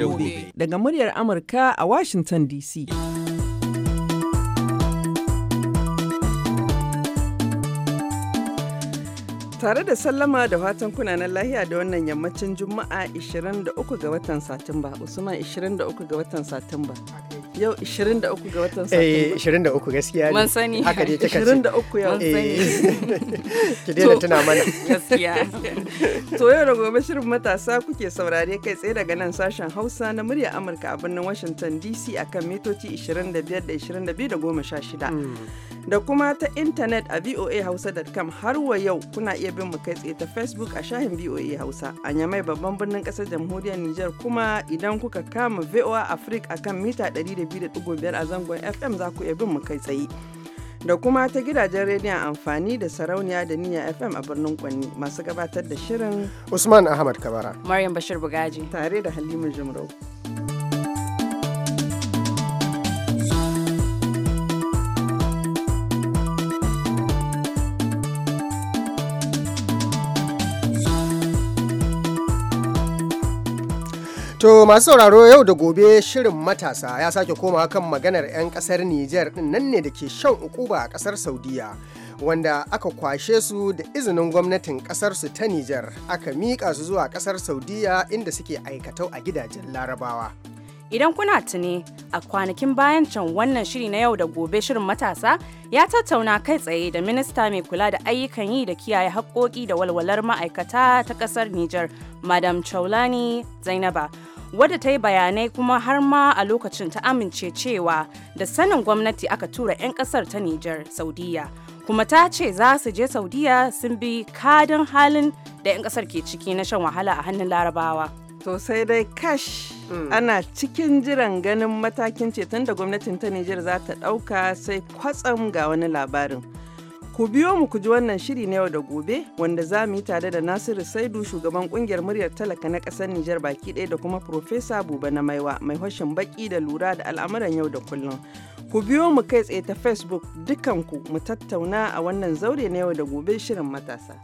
gobe. Daga muryar Amurka a Washington DC. Tare da sallama da fatan kunanan lahiya da wannan yammacin Juma'a 23 ga watan Satumba. Usman 23 ga watan Satumba. yau 23 ga watan eh, Satumba. Eh 23 gaskiya ne. Mun sani. Haka dai take. 23 yau. Mun sani. Ki daina tuna mana. Gaskiya. To yau da gobe shirin matasa kuke saurare kai tsaye daga nan sashen Hausa na murya Amurka a birnin Washington DC akan mitoci 25 da 22 da 16. Hmm. Da kuma ta intanet a voahausa.com har wa yau kuna iya bin mu kai tsaye ta Facebook a shahin VOA Hausa. A mai babban birnin kasar jamhuriyar Nijar kuma idan kuka kama VOA Africa akan mita 100 92.5 a zangon FM za ku bin mu kai tsaye. Da kuma ta gidajen rediyon amfani da sarauniya da niyya FM a birnin Kwanni masu gabatar da shirin Usman Ahmad Kabara. Maryam Bashir Bugaji. Tare da Halima Jumrau. To masu sauraro yau da gobe shirin matasa ya sake koma kan maganar 'yan kasar Nijar din nan ne da ke shan ukuba a kasar Saudiya. Wanda aka kwashe su da izinin gwamnatin kasar su ta Nijar aka miƙa su zuwa kasar Saudiya inda suke aikatau a gidajen larabawa. Idan kuna tuni a kwanakin bayan can wannan shiri na yau da gobe shirin matasa ya tattauna kai tsaye da minista mai kula da ayyukan yi da kiyaye haƙƙoƙi da walwalar ma'aikata ta ƙasar Nijar, Madam Chaulani Zainaba, wadda ta yi bayanai kuma har ma a lokacin ta amince cewa da sanin gwamnati aka tura 'yan kasar ta Nijar Saudiya kuma ta ce za su je Saudiya sun bi kadin halin da 'yan kasar ke ciki na shan wahala a hannun larabawa. To sai dai kash hmm. ana cikin jiran ganin matakin ceton da gwamnatin ta Nijar za ta ɗauka sai kwatsam ga wani labarin. Ku biyo mu ku ji wannan shiri na yau da gobe wanda za mu yi tare da Nasiru Saidu shugaban kungiyar muryar talaka na ƙasar Nijar baki ɗaya da kuma Profesa Buba na Maiwa mai hushin baki da lura da al'amuran yau da kullum. Ku biyo mu kai tsaye ta Facebook dukanku mu tattauna a wannan zaure na yau da gobe shirin matasa.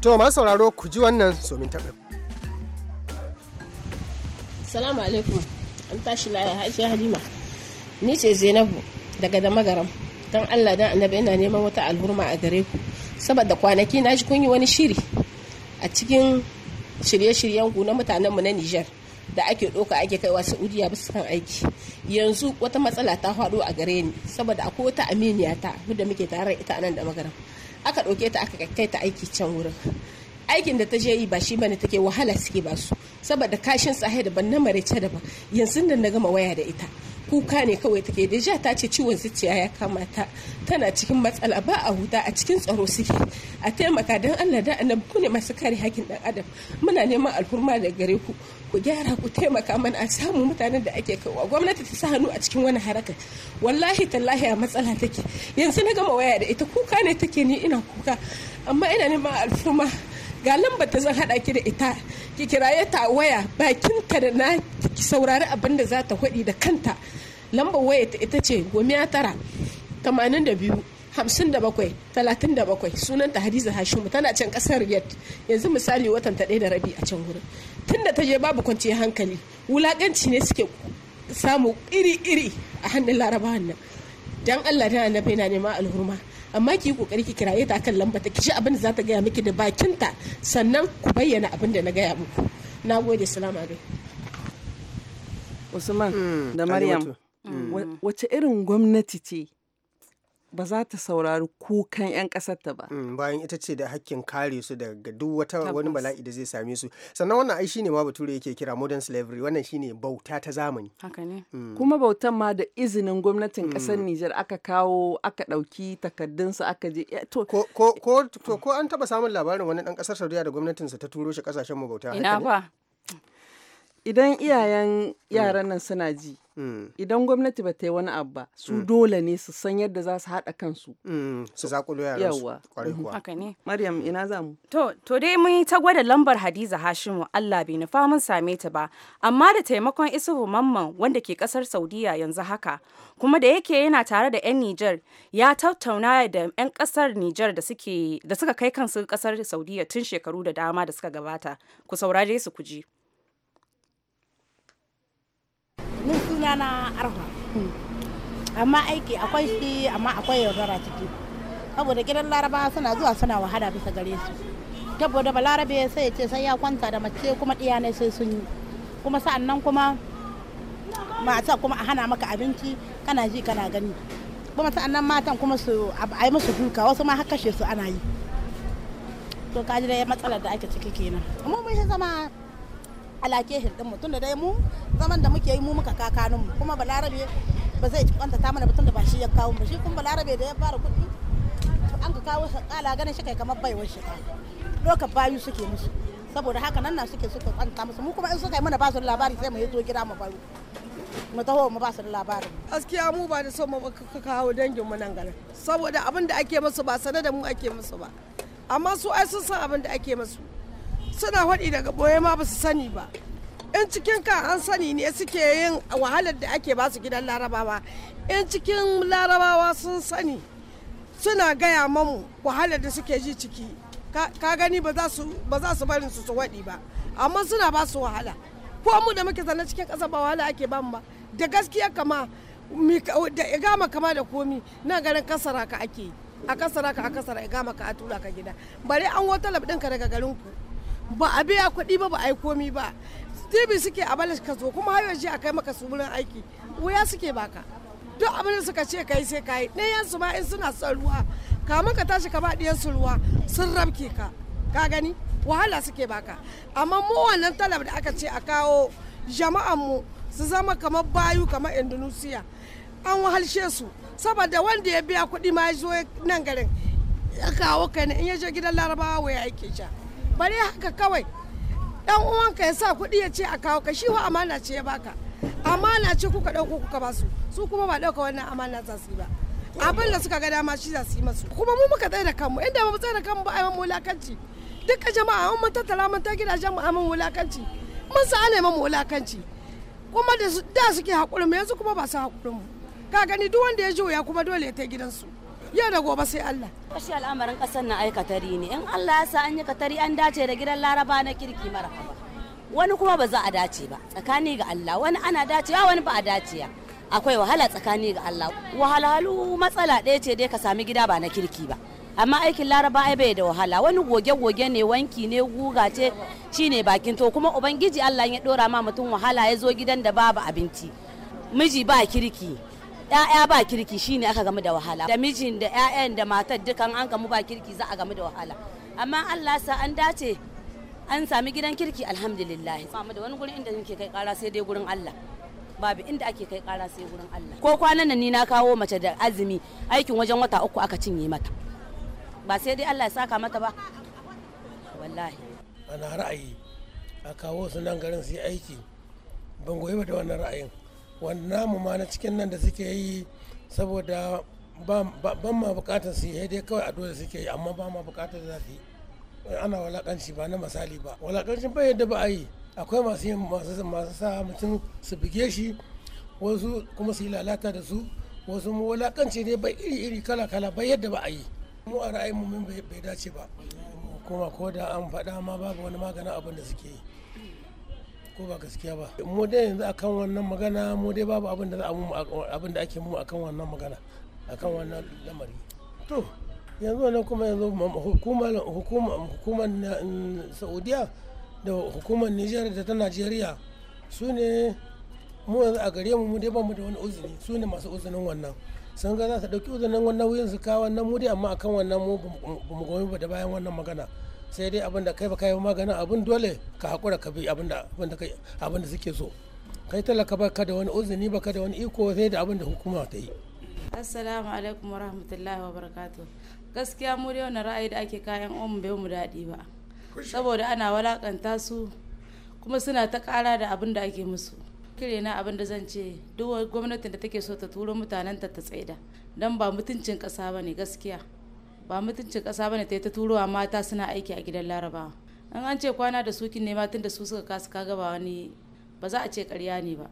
To ma sauraro ku ji wannan somin taɓa. Salamu alaikum, an tashi laya haji Halima. Ni ce Zainabu daga da magaram. Don Allah dan annabi yana neman wata alhurma a gare ku. Saboda kwanaki na shi kun yi wani shiri a cikin shirye-shiryen ku na mutanen mu na Nijar da ake ɗauka ake kaiwa Saudiya bisa kan aiki. Yanzu wata matsala ta faɗo a gare ni saboda akwai wata aminiya ta da muke tare ita nan da magaram. aka ɗauke ta aka kai ta aiki can wurin aikin da ta je yi ba shi bane take wahala suke ba su saboda kashin tsaye daban na mare da daban yanzu da na gama waya da ita kuka ne kawai take da deja ta ce ciwon zuciya ya kamata tana cikin matsala ba a huta a cikin tsaro suke a taimaka don allah da annabi ku ne masu kare hakin dan adam muna neman alfurma da gare ku ku gyara ku taimaka mana a samu mutanen da ake kawo gwamnati ta sa hannu a cikin wani haraka wallahi tallahi a matsala take yanzu na gama waya da ita kuka ne take ni ina kuka amma ina neman alfurma ga lamba ta zan hada ki da ita ki kiraye ta waya bakinta da na ki saurari abin da za ta hudi da kanta lamba waya ta ita ce gomiya tara tamanin da biyu hamsin da bakwai talatin da bakwai sunanta hadiza hashimu tana can kasar riyad yanzu misali watan ta ɗaya da rabi a can wurin tun da ta je babu kwanciyar hankali wulakanci ne suke samu iri-iri a hannun larabawan nan don allah da annabi na neman alhurma amma ki yi kokari ki kiraye ta akan lamba ta kishi abinda abin da za ta gaya miki da bakinta sannan ku bayyana abin da na gaya muku na gode salamu alaikum usman mm. da maryam mm. wace irin gwamnati ce ba za ta saurari kukan 'yan ƙasarta ba. Mm, bayan ita ce da hakkin kare su daga duk wata wani bala'i da zai same su sannan wannan ai shine ma bature yake kira modern slavery wannan shine bauta ta zamani. haka ne mm. kuma bautan ma da izinin gwamnatin mm. ƙasar Nijar aka kawo aka ɗauki takardunsa aka je eh, ko an taɓa samun labarin wani ɗan ƙasar Saudiya da gwamnatinsa ta turo shi ƙasashen mu bauta. ina ba idan mm. iyayen mm. yaran nan suna ji mm. idan gwamnati ba ta yi wani abu ba su dole ne su san yadda za su haɗa kansu su zakulo yaran su mm-hmm. haka ne maryam ina za mu to dai mun yi ta gwada lambar hadiza hashimu allah bai nufa mun same ta ba amma da taimakon isuhu mamman wanda ke kasar saudiya yanzu haka kuma da yake yana tare da yan nijar ya tattauna da yan kasar nijar da da suka kai kansu kasar saudiya tun shekaru da dama da suka gabata ku saurare su ku ji sunana arha amma aiki akwai shi amma akwai yaudara ciki saboda gidan laraba suna zuwa suna wahala bisa gare su saboda balarabe sai ya ce sai ya kwanta da mace kuma ɗiyanai sai sun yi kuma sa'an nan kuma mata kuma a hana maka abinci kana ji kana gani kuma sa'an nan matan kuma su a yi musu duka wasu ma har su ana yi to kaji da matsalar da ake ciki kenan mu mun zama alakehin din mutum tunda dai mu zaman da muke yi mu muka kakanin mu kuma balarabe ba zai ta mana mutum tunda ba shi ya kawo mu shi kuma balarabe da ya fara kuɗi an ka kawo kala ganin shi kai kamar baiwar shi ta doka bayu suke musu saboda haka nan na suke suka kwanta musu mu kuma in suka yi mana basu labari sai mu yi zo gida mu baro mu taho mu basu labarin gaskiya mu ba da so mu ka kawo dangin mu nan garin saboda abin da ake musu ba sanar da mu ake musu ba amma su ai sun san abin da ake musu suna faɗi daga ɓoye ma ba su sani ba in cikin ka an sani ne suke yin wahalar da ake ba su gidan larabawa in cikin larabawa sun sani suna gaya mamu wahalar da suke ji ciki ka gani ba za su barin su su waɗi ba amma suna ba su wahala ko mu da muke zana cikin ƙasa ba wahala ake ba ba da gaskiya kama da igama kama da komi na ganin kasara ka ake a kasara ka a kasara igama ka a tura ka gida bare an wata ka daga garinku ba a biya kuɗi ba ba a yi komi ba tibi suke a bala ka zo kuma har yanzu a kai maka su aiki wuya suke baka duk abin da suka ce kai sai kai ɗayan su ma in suna son ruwa kamun ka tashi ka ba ɗiyan su ruwa sun rabke ka ka gani wahala suke baka amma mu wannan talab da aka ce a kawo jama'an mu su zama kamar bayu kamar indonesia an wahalshe su saboda wanda ya biya kuɗi ma ya zo nan garin ya kawo kai in ya je gidan larabawa ya aike sha bare haka kawai dan uwanka ya sa kuɗi ya ce a kawo ka shi wa amana ce ya baka amana ce kuka ɗauko kuka ba su su kuma ba ɗauka wannan amana za su yi ba abin da suka ga dama shi za su yi masu kuma mu muka tsaye da kanmu inda ba mu tsaye da kanmu ba a yi wulakanci duka jama'a mun tattara mun ta gidajen mu amin wulakanci mun sa ana mu wulakanci kuma da suke haƙurin mu yanzu kuma ba su haƙurin mu ka gani duk wanda ya ji wuya kuma dole ya ta gidansu yau da gobe sai Allah kashi al'amarin kasar na aikatari ne in Allah ya sa an yi katari an dace da gidan Laraba na kirki mara wani kuma ba za a dace ba tsakani ga Allah wani ana dacewa wani ba a dacewa akwai wahala tsakani ga Allah wahalhalu matsala ɗaya ce dai ka sami gida ba na kirki ba amma aikin laraba ai bai da wahala wani goge-goge ne wanki ne guga ce shine bakin to kuma ubangiji Allah ya ɗora ma mutum wahala ya zo gidan da babu abinci miji ba kirki 'ya'ya ba kirki shine aka gamu da wahala da mijin da 'ya'yan da matar dukan an gamu ba kirki za a gamu da wahala amma Allah sa an dace an sami gidan kirki alhamdulillah amma da wani gurin inda nake kai kara sai dai gurin Allah babu inda ake kai kara sai gurin Allah ko kwanan nan ni na kawo mace da azumi aikin wajen wata uku aka cinye mata ba sai dai Allah ya saka mata ba wallahi ana ra'ayi a kawo su nan garin su yi aiki ban goyi ba da wannan ra'ayin Wannan namu ma na cikin nan da suke yi saboda ban ma bukatar su yi dai kawai a dole suke yi amma ba ma bukatar za ana walakanci ba na misali ba walakanci bai yadda ba a yi akwai masu yin masu sa mutum su bige shi wasu kuma su yi lalata da su wasu mu walakanci ne bai iri iri kala kala bai yadda ba a yi mu a ra'ayin mu bai dace ba kuma ko da an faɗa ma babu wani maganin abin da suke yi ko ba gaskiya ba mu dai yanzu akan wannan magana mu dai babu abin da za a mu abin da ake mu akan wannan magana akan wannan lamari to yanzu wannan kuma yanzu hukumar hukumar mm, saudiya da hukumar nijar da ta najeriya su ne mu yanzu a gare mu mu dai ba mu da wani uzuri su ne masu uzurin wannan sun ga za su ɗauki uzurin wannan wuyan su kawo wannan mu dai amma akan wannan mu ba mu gomi ba da bayan wannan magana sai dai abin da kai ba kai maganin abin dole ka haƙura ka bi abin da suke so kai talaka ba ka da wani uzini ba ka da wani iko sai da abin da hukuma ta yi assalamu alaikum warahmatullahi wabarakatuh gaskiya mu dai wani ra'ayi da ake kayan omu bai mu daɗi ba saboda ana walakanta su kuma suna ta ƙara da abin da ake musu kire na abin da zan ce duk gwamnatin da take so ta turo mutanenta ta tsaida don ba mutuncin ƙasa ba ne gaskiya ba mutuncin kasa bane ta yi ta turowa mata suna aiki a gidan laraba an an ce kwana da sukin ne tun da su suka kasu kaga ba wani ba za a ce karya ne ba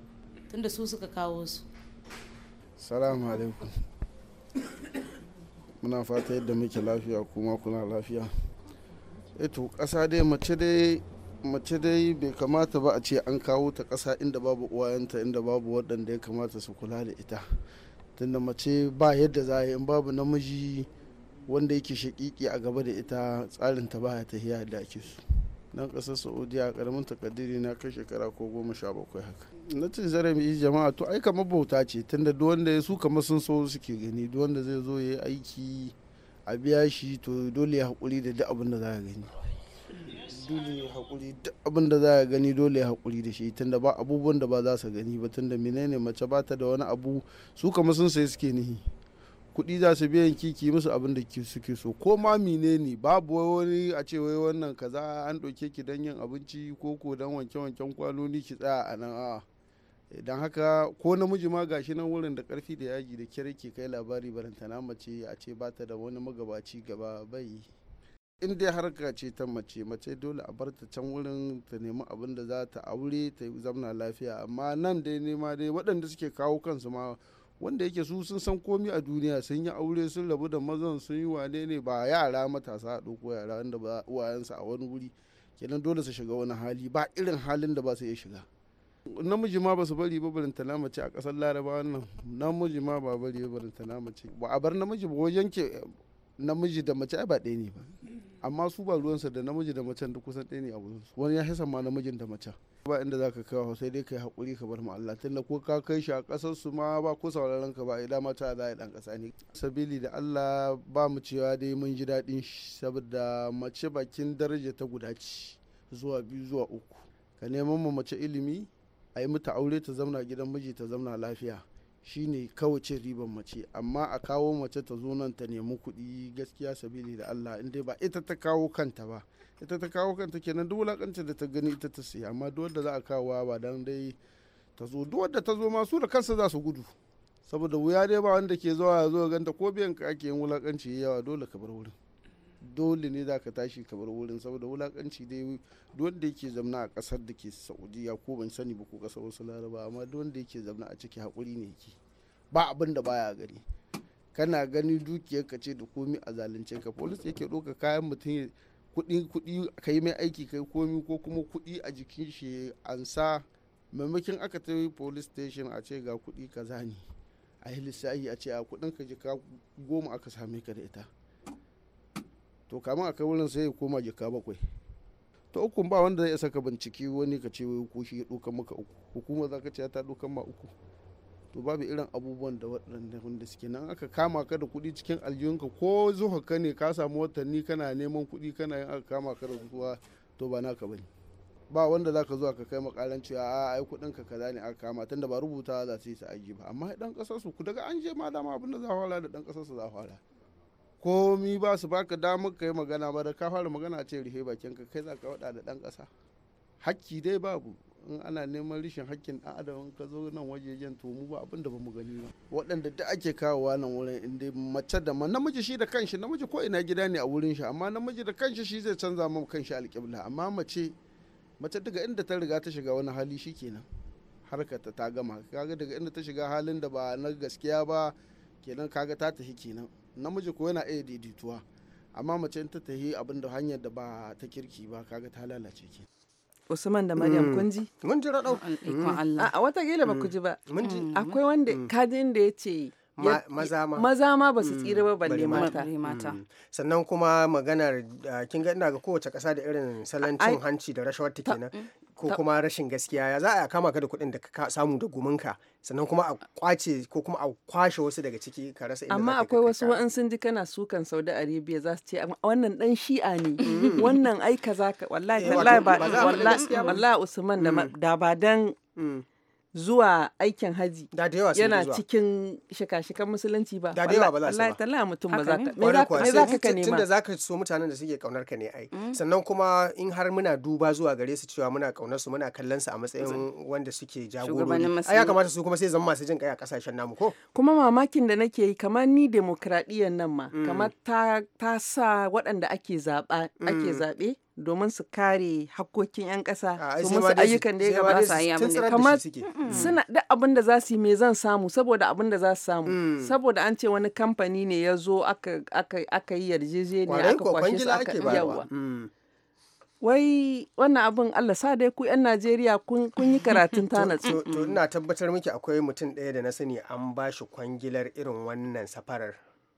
tun da su suka kawo su salamu alaikum muna fata yadda muke lafiya kuma kuna lafiya eto kasa dai mace dai mace dai bai kamata ba a ce an kawo ta kasa inda babu uwayenta inda babu waɗanda ya kamata su kula da ita tunda mace ba yadda za a yi in babu namiji wanda yake shakiki a gaba da ita tsarin ta baya ta tahiya da ake su dan kasar saudiya karamin takaddiri na kai shekara ko goma sha bakwai haka na ce zarafi jama'a to ai kamar bauta ce tunda duk wanda ya su kamar sun so suke gani duk wanda zai zo ya yi aiki a biya shi to dole ya haƙuri da duk abin da za ka gani dole ya haƙuri duk abin da za ka gani dole ya haƙuri da shi tunda ba abubuwan da ba za su gani ba tunda menene mace ba ta da wani abu su kamar sun sai suke nihi kuɗi za su biyan kiki musu abin da suke so ko ma mine ne babu wani a ce wai wannan kaza an ɗauke ki don yin abinci ko ko don wanke-wanken kwanoni ki tsaya a nan a'a don haka ko namiji ma gashi nan wurin da karfi da yaji da kyar ke kai labari barantana mace a ce ba ta da wani magabaci gaba bai in dai harka ce ta mace mace dole a bar ta can wurin ta nemi abin da za ta aure ta zamna lafiya amma nan dai nema dai waɗanda suke kawo kansu ma wanda yake su sun san komi a duniya sun yi aure sun rabu da mazan sun yi wane ne ba yara matasa a ɗauko yara wanda ba uwayensa a wani wuri kenan dole su shiga wani hali ba irin halin da ba su iya shiga namiji ma ba su bari ba barin tana a ƙasar laraba wannan namiji ma ba bari ba barin tana ba a bar namiji ba wajen ke namiji da mace ba ɗaya ne ba amma su ba ruwansa da namiji da mace da kusan ɗaya ne a wurin wani ya hisa ma namijin da mace ba inda za ka kawo sai dai yi hakuri ka bar mu Allah tunda ko ka kai shi a ƙasar su ma ba ko sauraron ka ba idan ta za a ɗan ƙasa ne sabili da Allah ba mu cewa dai mun ji daɗin shi saboda mace bakin daraja ta guda ci zuwa biyu zuwa uku ka neman mu mace ilimi a yi mata aure ta zauna gidan miji ta zauna lafiya shine kawai cin riban mace amma a kawo mace ta zo nan ta nemi kuɗi gaskiya sabili da Allah in dai ba ita ta kawo kanta ba ita ta kawo kanta kenan duk wulakancin da ta gani ita ta siya amma duk wanda za a kawo ba dan dai ta zo duk wanda ta zo ma su da kansa za su gudu saboda wuya dai ba wanda ke zuwa ya zo ganta ko biyan ka ake yin wulakanci yawa dole ka bar wurin dole ne za ka tashi ka bar wurin saboda wulakanci dai wanda yake zamna a kasar da ke saudiya ko ban sani ba ko kasar wasu laraba amma wanda yake zamna a ciki haƙuri ne yake ba abin da baya gani kana gani dukiyar ka ce da komi a zalunce ka polis yake ɗauka kayan mutum kuɗi kuɗi ka yi mai aiki kai komi ko kuma kuɗi a jikin shi ansa maimakon aka ta polis station a ce ga kuɗi kaza ne a yi lissahi a ce a kuɗin ka jika goma aka same ka da ita to kamin a kai wurin sai ya koma jika bakwai ta uku ba wanda zai saka binciki wani ka ce wai ko shi ya dukan maka uku hukuma za ka ce ta dukan ma uku to babu irin abubuwan da waɗanda wanda suke nan aka kama ka da kuɗi cikin aljihunka ko zuwa ka ne ka samu watanni kana neman kuɗi kana yin aka kama ka da zuwa to ba naka bane ba wanda za ka zuwa ka kai makalan cewa a ai kuɗin ka kaza ne aka kama tunda ba rubuta za su yi su aji ba amma dan ƙasar su daga an je ma dama abin da za fara da dan ƙasar su za fara komi ba su baka damar ka yi magana ba da ka fara magana ce rihe bakin ka kai za ka wada da dan kasa hakki dai babu in ana neman rishin hakkin dan adam ka zo nan wajejen to mu ba abin da bamu gani ba waɗanda da ake kawowa nan wurin in dai mace da man namiji shi da kanshi namiji ko ina gida ne a wurin shi amma namiji da kanshi shi zai canza mu kanshi alƙibla amma mace mace daga inda ta riga ta shiga wani hali shikenan harkata ta gama kaga daga inda ta shiga halin da ba na gaskiya ba kenan kaga ta tafi kenan namiji ko yana iya daidaituwa amma mace ta tahi abin da hanyar da ba ta kirki ba kaga ta lalace ke Usman da Maryam mm. kun ji? Mun ji raɗau. Mm. A watakila ba mm. ku ji ba. Mun ji. Akwai wanda kadin da ya ce maza ma ba su mm. tsira ba balle mata mm. sannan kuma maganar ah, kin ga ina ga kowace kasa da irin salon cin hanci da rashawar ta kenan mm, ko kuma rashin gaskiya ya za a kama ka da kuɗin da ka samu da gumanka sannan kuma a kwace ko kuma a kwashe wasu daga ciki ka rasa inda amma akwai wasu wa'an sun ji kana sukan Saudi Arabia za su ce wannan dan shi'a ne wannan ai kaza wallahi eh, wallahi wallahi Usman da ba dan zuwa aikin haji yana cikin shika-shikan musulunci ba da yawa ba za su ba mutum ba za ka me za ka ka nema tunda za ka so mutanen da suke kaunar ka ne ai mm. sannan kuma in har muna duba zuwa gare su cewa muna kaunar su muna kallon su a matsayin wanda suke jagorori ai ya kamata su kuma sai zama masu jin kai a kasashen namu ko kuma mamakin da nake yi kamar ni demokradiyyar nan ma mm. kamar ta sa waɗanda ake zaɓa ake mm. zaɓe domin su kare hakkokin 'yan ƙasa domin su ayyukan da ya gabata su yi kamar mm, mm. suna duk abin da za su yi me zan samu saboda abin da za su samu mm. saboda an ce wani kamfani ne ya zo aka yi yarjejeniya aka kwashe su aka yawa wai wannan abin Allah sa dai ku 'yan Najeriya kun yi karatun tanatsu. To ina tabbatar miki akwai mutum ɗaya da na sani an ba shi kwangilar irin wannan safarar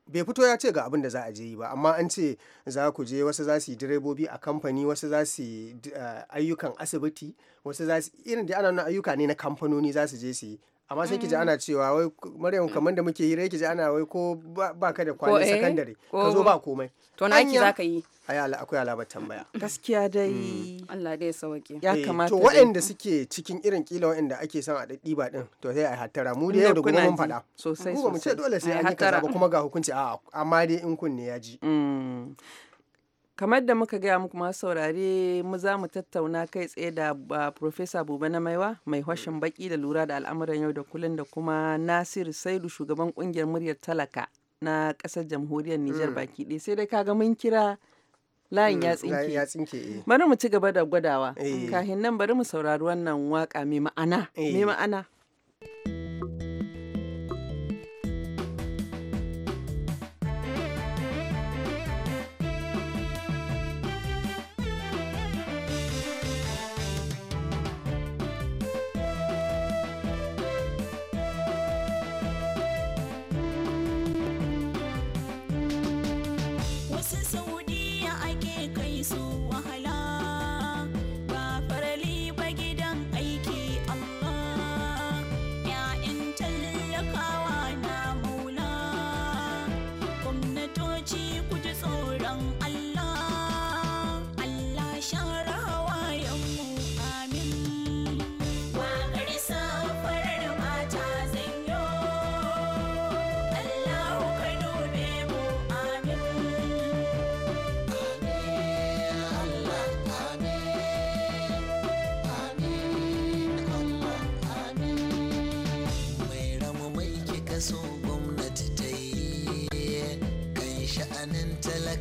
bai fito ya ce ga abin da za a je yi ba amma an ce za ku je wasu za su yi direbobi a kamfani wasu za su yi eh, ayyukan asibiti wasu za su irin da ana ayyuka ne na kamfanoni za su je su yi amma sai kiji mm. ana cewa wai maryam mm. kamar da muke hira kiji ana wai ko ba ka da kwanin eh? sakandare ka zo ba komai to na ki zaka yi akwai alamar tambaya gaskiya dai mm. Allah dai sauke ya eh, kamata to waɗanda suke cikin irin kila waɗanda ake son a ɗiba din to sai a hattara mu da yau da gobe mun faɗa sosai sosai mu ce dole sai an yi kaza ba kuma ga hukunci a'a amma dai in kunne ya ji kamar da muka gaya muku masu saurare mu za mu tattauna kai tsaye da Profesa Buba na Maiwa mai hwashin mm. baki da lura da al'amuran yau da kullun da kuma nasir Saidu shugaban kungiyar muryar talaka na kasar jamhuriyar Nijar mm. baki ɗaya sai dai kaga mun kira layin mm, ya tsinke. Eh. Bari mu ci gaba da gwadawa. Eh. Kahin nan bari mu saurari wannan waka mai Mai ma'ana. Eh.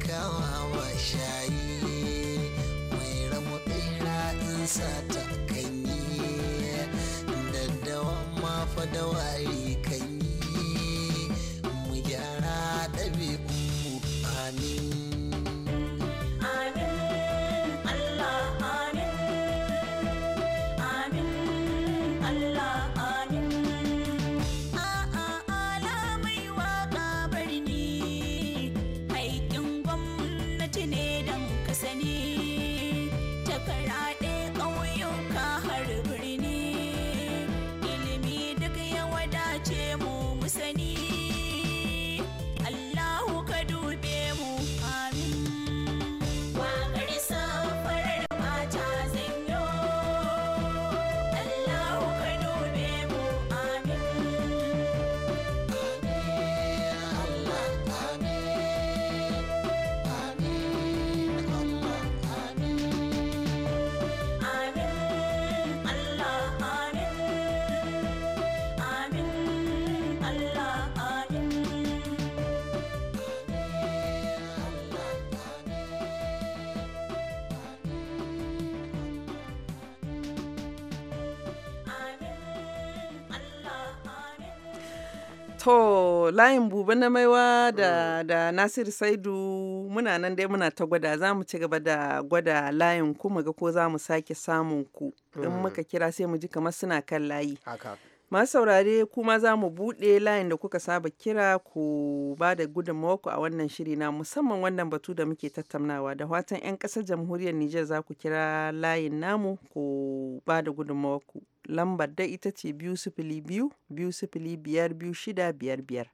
kamawa shayi mai ramu ɗira in sa ta kanyi daddawa ma fa da wari To layin buba na maiwa da, mm. da Nasiru Saidu muna nan dai muna ta gwada za mu ci gaba da gwada layin ku mu ga ko za mu sake samun ku in mm. muka kira sai mu ji kamar suna kan layi. Masu saurare kuma za mu buɗe layin da kuka saba kira ku ba da ku a wannan shiri na musamman wannan batu da muke tattaunawa da watan 'yan ƙasar jamhuriyar Nijar za ku kira layin namu ku ba da ku. lambar da ita ce biyu sifili biyu biyu sifili biyar biyu shida biyar biyar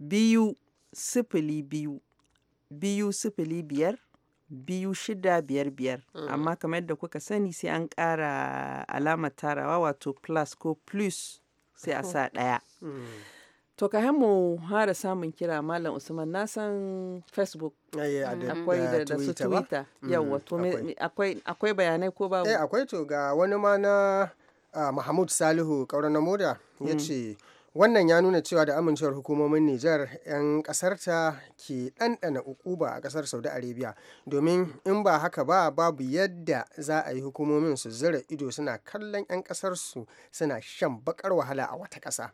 biyu sifili biyu biyu sifili biyar biyu shida biyar biyar mm. amma kamar yadda kuka sani sai an ƙara alamar tarawa wato plus ko plus sai a sa ɗaya mm. to ka mu hara samun kira malam usman na san facebook akwai da su twitter mm, yawa akwai bayanai ko babu eh, akwai to ga wani ma na mahmud salihu kauran na moda ya hmm. ce wannan ya nuna cewa da amincewar hukumomin Nijar 'yan kasarta ke ɗanɗana ukuba a ƙasar Saudi Arabia domin in ba haka ba babu yadda za a yi hukumomin su zira ido suna kallon 'yan ƙasarsu suna shan bakar wahala a wata ƙasa.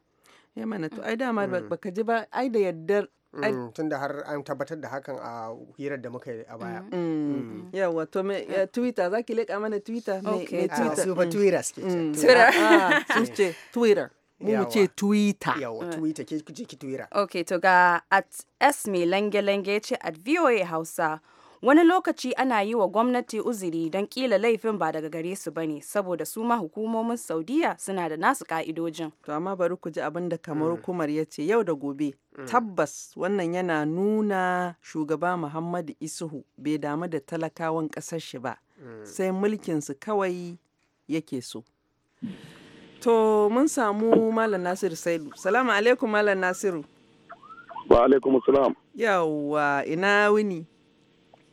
ya mana to ai dama baka hmm. ji ba ai da yaddar Mm, tunda har an tabbatar da hakan a hirar da muka yi a baya mm. mm. yawa to me eh, twitter za ki leƙa mana twitter mai twitter ah, su ba twitter suke ce ah, twitter mu mu ce twitter yawa twitter ke kuje ki twitter okay to ga at s mai lange lange ce at voa hausa wani lokaci ana yi wa gwamnati uzuri don kila laifin ba daga gare su bane saboda su ma hukumomin saudiya suna da nasu ka'idojin to amma bari ku ji abin da kamar mm. hukumar ya ce yau da gobe mm. tabbas wannan yana nuna shugaba muhammadu isuhu bai damu da talakawan ƙasar shi ba mm. sai mulkinsu kawai yake so to mun samu malam nasiru saidu salamu alaikum malam nasiru wa alaikum salam yawwa ina wuni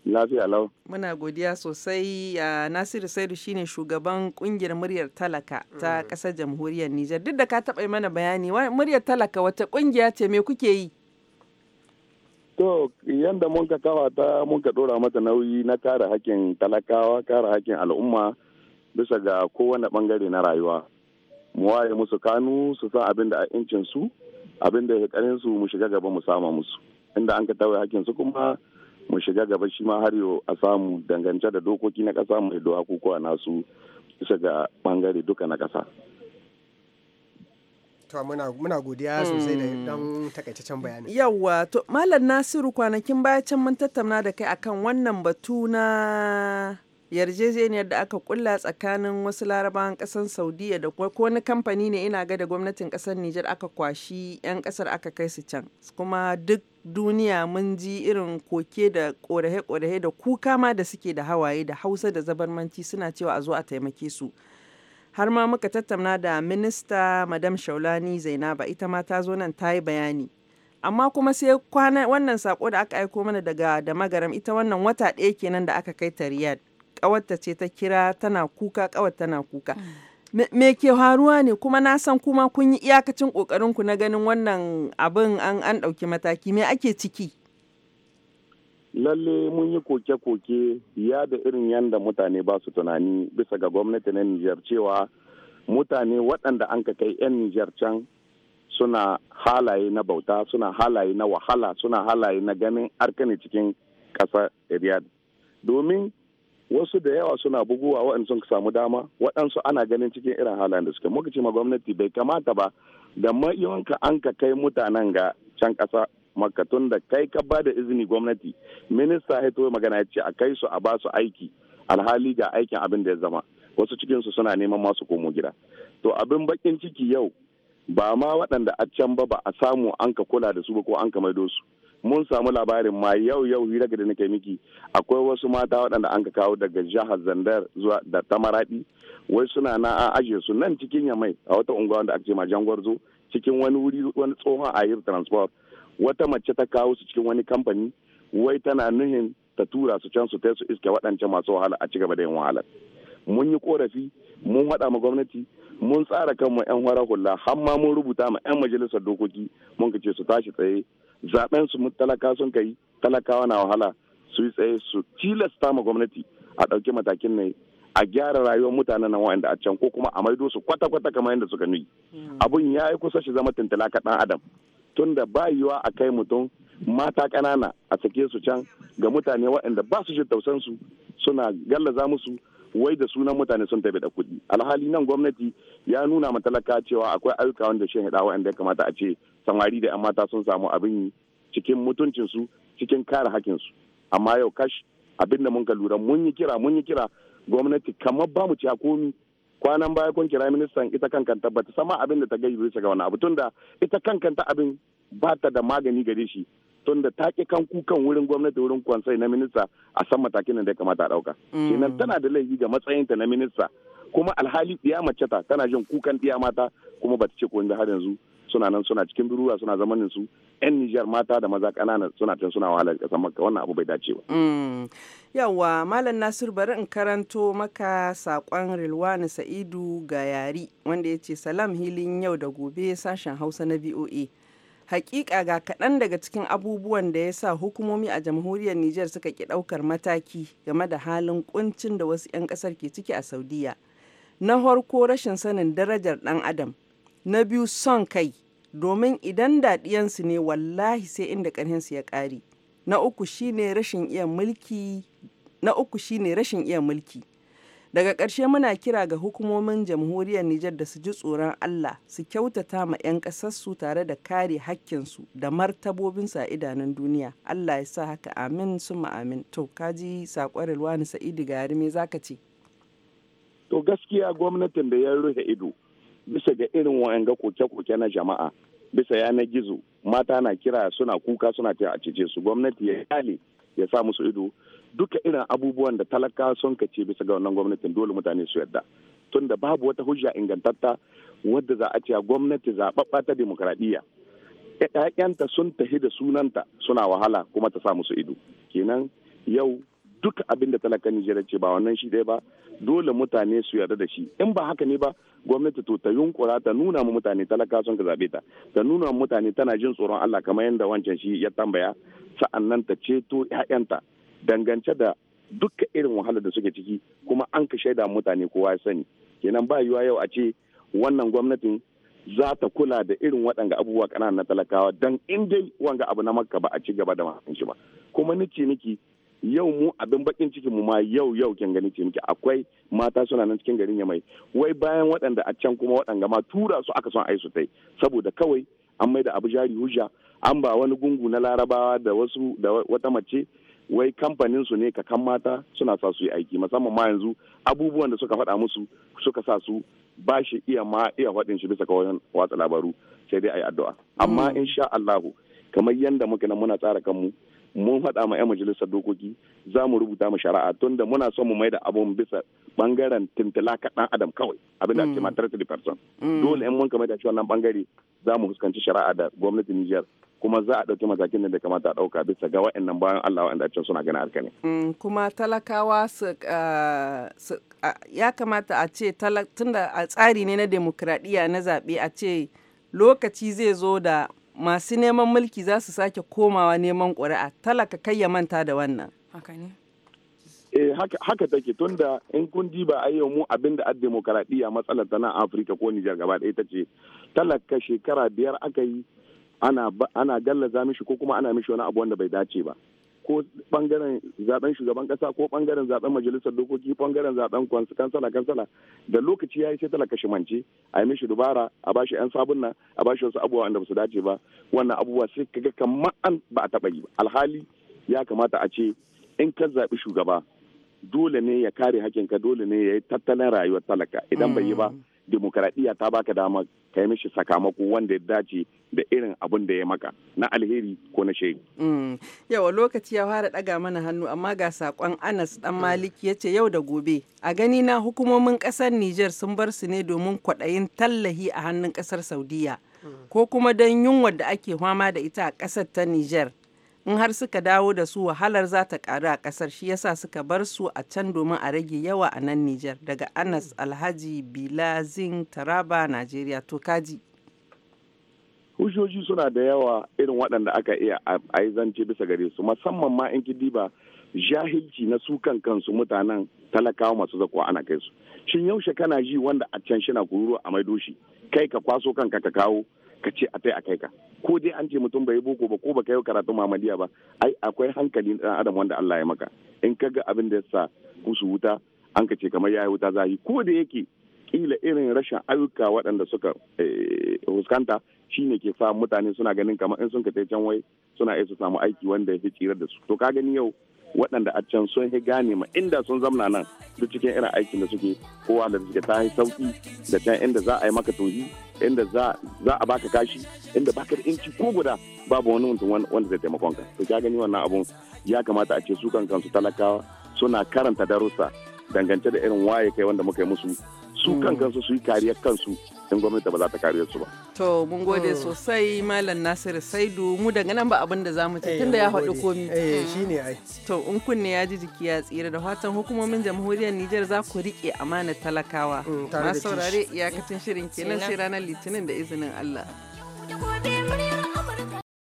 Lafiya lau. Muna godiya sosai a Nasiru Saidu shine shugaban kungiyar muryar talaka ta kasar mm. jamhuriyar Nijar. Duk da ka taɓa mana bayani muryar talaka wata kungiya ce me kuke yi? To yadda mun ka kawa ta mun ka ɗora mata nauyi na kare hakkin talakawa, kare hakkin al'umma bisa ga kowane bangare na rayuwa. Mu waye musu kanu su san abin da a incin su, abin da ya su mu shiga gaba mu sama musu. Inda an ka tawaye hakkin su kuma mu shiga gaba shi ma har yau a samu dangance da dokoki na kasa mai da hakukuwa nasu bisa ga bangare duka na kasa. to muna, godiya sosai da dan hmm. takaitaccen bayani. Yawwa, to Malam Nasiru kwanakin baya can mun tattauna da kai akan wannan batu na yarjejeniyar da aka kulla tsakanin wasu larabawan kasar saudiya da ko wani kamfani ne ina ga da gwamnatin kasar nijar aka kwashi 'yan kasar aka kai su can kuma duk duniya mun ji irin koke da korahe-korahe da kuka ma da suke da hawaye da hausa da zabarmanci suna cewa a zo a taimake su har ma muka tattauna da minista madam shaulani zainaba ita ma ta zo nan ta yi bayani amma kuma sai kwana wannan sako da aka aiko mana daga da magaram ita wannan wata ɗaya kenan da aka kai ta riyadh kawarta ce ta kira tana kuka kawarta tana kuka mm. me ke faruwa ne kuma na san kuma kun yi iyakacin kokarin ku na ganin wannan abin an an ɗauki mataki me ake ciki lalle mun yi koke-koke ya da irin yadda mutane ba su tunani bisa ga gwamnati na Nijar cewa mutane waɗanda an kai 'yan Nijar can suna halaye na bauta suna halaye na wahala suna halaye na ganin arkani cikin ƙasar Riyadh domin wasu da yawa suna buguwa waɗansu sun samu dama waɗansu ana ganin cikin irin halayen da suke muka ce ma gwamnati bai kamata ba da ma'iwanka an ka kai mutanen ga can ƙasa makatun da kai ka ba da izini gwamnati minista ya magana ya ce a kai su a ba su aiki alhali ga aikin abin da ya zama wasu cikin su suna neman masu komo gida to abin bakin ciki yau ba ma waɗanda a can ba ba a samu an ka kula da su ba ko an ka maido su mun samu labarin ma yau yau hira da nake miki akwai wasu mata waɗanda an ka kawo daga jihar Zandar zuwa da Tamaraɗi wai suna na a ajiye su nan cikin Yamai a wata unguwa wanda aka ce ma Jangwarzo cikin wani wuri wani tsohon Ayir Transport wata mace ta kawo su cikin wani kamfani wai tana nuhin ta tura su can su ta su iske waɗancan masu wahala a cigaba da yin wahala mun yi korafi mun haɗa ma gwamnati mun tsara kanmu 'yan hula har ma mun rubuta ma 'yan majalisar dokoki mun ce su tashi tsaye zaben su talaka sun kai talakawa na wahala su yi tsaye su tilasta ma gwamnati a ɗauki matakin ne a gyara rayuwar mutanen nan wa'anda a can ko kuma a maido su kwata-kwata kamar yadda suka nuyi hmm. abun ya yi kusa shi zama tuntula ka ɗan adam tunda ba yiwa a kai mutum mata ƙanana a sake su can ga mutane waɗanda ba su shi su suna gallaza musu wai da sunan mutane sun tafi da kuɗi alhali nan gwamnati ya nuna ma talaka cewa akwai ayyuka wanda shi hada wanda ya kamata a ce samari da 'yan mata sun samu abin yi cikin mutuncinsu cikin kare hakinsu amma yau kash abin da mun ka lura mun yi kira mun yi kira gwamnati kamar ba mu ci komi kwanan baya kun kira ministan ita kankan tabbata sama abin da ta gaji bisa ga wani abu tunda ita kankanta abin ba ta da magani gare shi tunda da take kan kukan wurin gwamnati wurin kwansai na minista a san matakin da ya kamata a dauka mm. kenan tana da laifi ga matsayinta na minista kuma alhali ya mace ta tana jin kukan ɗiya mata kuma bata ce ko har yanzu suna nan suna cikin birura suna zamanin su yan Nijar mata da maza kanana suna tun suna wahala kasan maka wannan abu bai dace ba. Mm. Yawwa Malam Nasir bari in karanto maka sakon Rilwani Sa'idu ga yari wanda ya ce salam hilin yau da gobe sashen Hausa na VOA. Hakika ga kaɗan daga cikin abubuwan da ya sa hukumomi a jamhuriyar Nijar suka ki ɗaukar mataki game da halin kuncin da wasu 'yan ƙasar ke ciki a Saudiya. Na harko rashin sanin darajar ɗan adam. Na biyu son kai, domin idan daɗiyansu ne wallahi sai inda ƙarhinsu ya ƙare. Na uku shine rashin iya rashin iya mulki. Daga ƙarshe muna kira ga hukumomin jamhuriyar Nijar da su ji tsoron Allah, su kyautata ma 'yan ƙasarsu tare da kare hakkinsu da martabobinsu a idanun duniya. Allah ya sa haka amin suma amin. To, kaji saƙon Rilwani Sa'idu Gari me zaka ce? To gaskiya gwamnatin da ya rufe ido bisa ga irin wa'anga koke-koke na jama'a bisa yanar gizo mata na kira suna kuka suna ta a cije su gwamnati ya kale ya sa musu ido duka irin abubuwan da talaka ka kace bisa ga wannan gwamnatin dole mutane su yadda tunda babu wata hujja ingantatta wadda za a ce gwamnati zaɓaɓɓa ta demokradiyya ‘ya'yanta sun tahi da sunanta suna wahala kuma ta sa musu ido kenan yau duk abin da talakan Nijar ce ba wannan shi ɗaya ba dole mutane su yarda da shi in ba haka ne ba gwamnati to ta yunkura ta nuna mu mutane talaka sun ka zabe ta ta nuna mu mutane tana jin tsoron Allah kamar yadda wancan shi ya tambaya sa'annan ta ceto ƴaƴanta dangance da dukkan irin wahalar da suke ciki kuma an ka shaida mutane kowa ya sani kenan ba yiwa yau a ce wannan gwamnatin za ta kula da irin waɗanga abubuwa ƙananan na talakawa don in dai wanga abu na makka ba a ci gaba da masu shi ba kuma niki niki yau mu abin bakin cikin mu ma yau yau kin gani ce miki akwai mata suna nan cikin garin Yamai wai bayan waɗanda a can kuma waɗanda ma tura su aka son ai su tai saboda kawai an mai da abu jari hujja an ba wani gungu na larabawa da wasu da wata mace wai kamfanin su ne kakan mata suna sa su yi aiki musamman ma yanzu abubuwan da suka faɗa musu suka sa su ba shi iya ma iya faɗin shi bisa kawai watsa labaru sai dai a addu'a amma mm. insha Allahu kamar yanda muke nan muna tsara kanmu mun faɗa ma 'yan majalisar dokoki za mu rubuta ma shari'a tunda muna son mu mai da abun bisa bangaren tintila ka adam kawai abin da ake ma mm. territory person mm. dole in mun kama da shi wannan bangare za mu fuskanci shari'a da gwamnatin Nijar kuma za a ɗauki matakin da kamata a ɗauka bisa ga wa'annan bayan Allah wa'anda can suna gani alkane. Mm, kuma talakawa su ah, ah, ya kamata a ce tunda a tsari ne na demokradiyya na zaɓe a ce lokaci zai zo da masu neman mulki za su sake komawa neman ƙuri'a talaka kai ya manta da wannan haka ne eh haka take tunda in kun ba a yi wa mu abinda a demokaradiyya matsalar ta nan Afirka ko Nijar gaba ɗaya ce talaka shekara biyar aka yi ana ana gallaza mishi ko kuma ana mishi wani abu wanda bai dace ba ko bangaren zaben shugaban kasa ko bangaren zaben majalisar dokoki bangaren zaben kansala kansala da lokaci ya yi sai talaka mance a yi mishi dubara a bashi yan sabon nan a bashi wasu abubuwa wanda ba su dace ba wannan abubuwa sai kaga kamar an ba a taba yi ba alhali ya kamata a ce in ka zaɓi shugaba dole ne ya kare hakinka dole ne ya yi tattalin rayuwar talaka idan bai yi ba mm. demokaradiyya ta baka dama ka yi mishi sakamako wanda ya dace da irin abin da ya maka na alheri ko na shehu. Mm. Yawa lokaci ya fara daga mana hannu amma ga sakon Anas dan Maliki ya ce yau da gobe. A gani na hukumomin kasar niger sun bar su ne domin kwaɗayin tallahi a hannun ƙasar Saudiya. Mm. Ko kuma don yunwar da ake fama da ita a ƙasar ta niger. in har suka dawo da su wahalar za ta karu a kasar shi yasa suka bar su a can domin a rage yawa a nan Nijar daga Anas Alhaji Bilazin Taraba Najeriya to kaji suna da yawa irin waɗanda aka iya a yi zance bisa gare su musamman ma in diba jahilci na su kansu mutanen talakawa masu zakuwa ana kai su shin yaushe kana ji wanda a can shina kururu a maido shi kai ka kwaso kanka ka kawo ka ce a a kai ka ko dai an ce mutum bai boko ba ko ba yi karatu mamadiya ba ai akwai hankali dan adam wanda Allah ya maka in ka ga abin da yasa kusu wuta an ka ce kamar yayi wuta yi ko da yake kila irin rashin ayyuka waɗanda suka eh, fuskanta shine ke sa mutane suna ganin kamar in sun ka can wai suna iya su samu aiki wanda ya fi tsirar da su to ka gani yau waɗanda a can sun yi gane ma inda sun zamna nan duk cikin irin aikin da suke kowa da suke ta yi sauki da can inda za a yi maka tohi inda za a baka kashi inda baka da inci ko guda babu wani mutum wanda zai taimakon ka to ka gani wannan abun ya kamata a ce su kan kansu talakawa suna karanta darussa dangance da irin waye kai wanda muka yi musu su mm. kan kansu su yi kariya kansu in gwamnati ba za ta kare su ba. To mun gode mm. sosai Malam Nasiru Saidu mu daga nan ba abin da za mu ci eh, tunda ya faɗi komi. Eh ne ai. To in kunne ya ji jiki ya tsira da fatan hukumomin jamhuriyar Nijar za ku rike amana talakawa. Mm, Ma saurare iyakacin shirin kenan sai ranar Litinin da izinin Allah.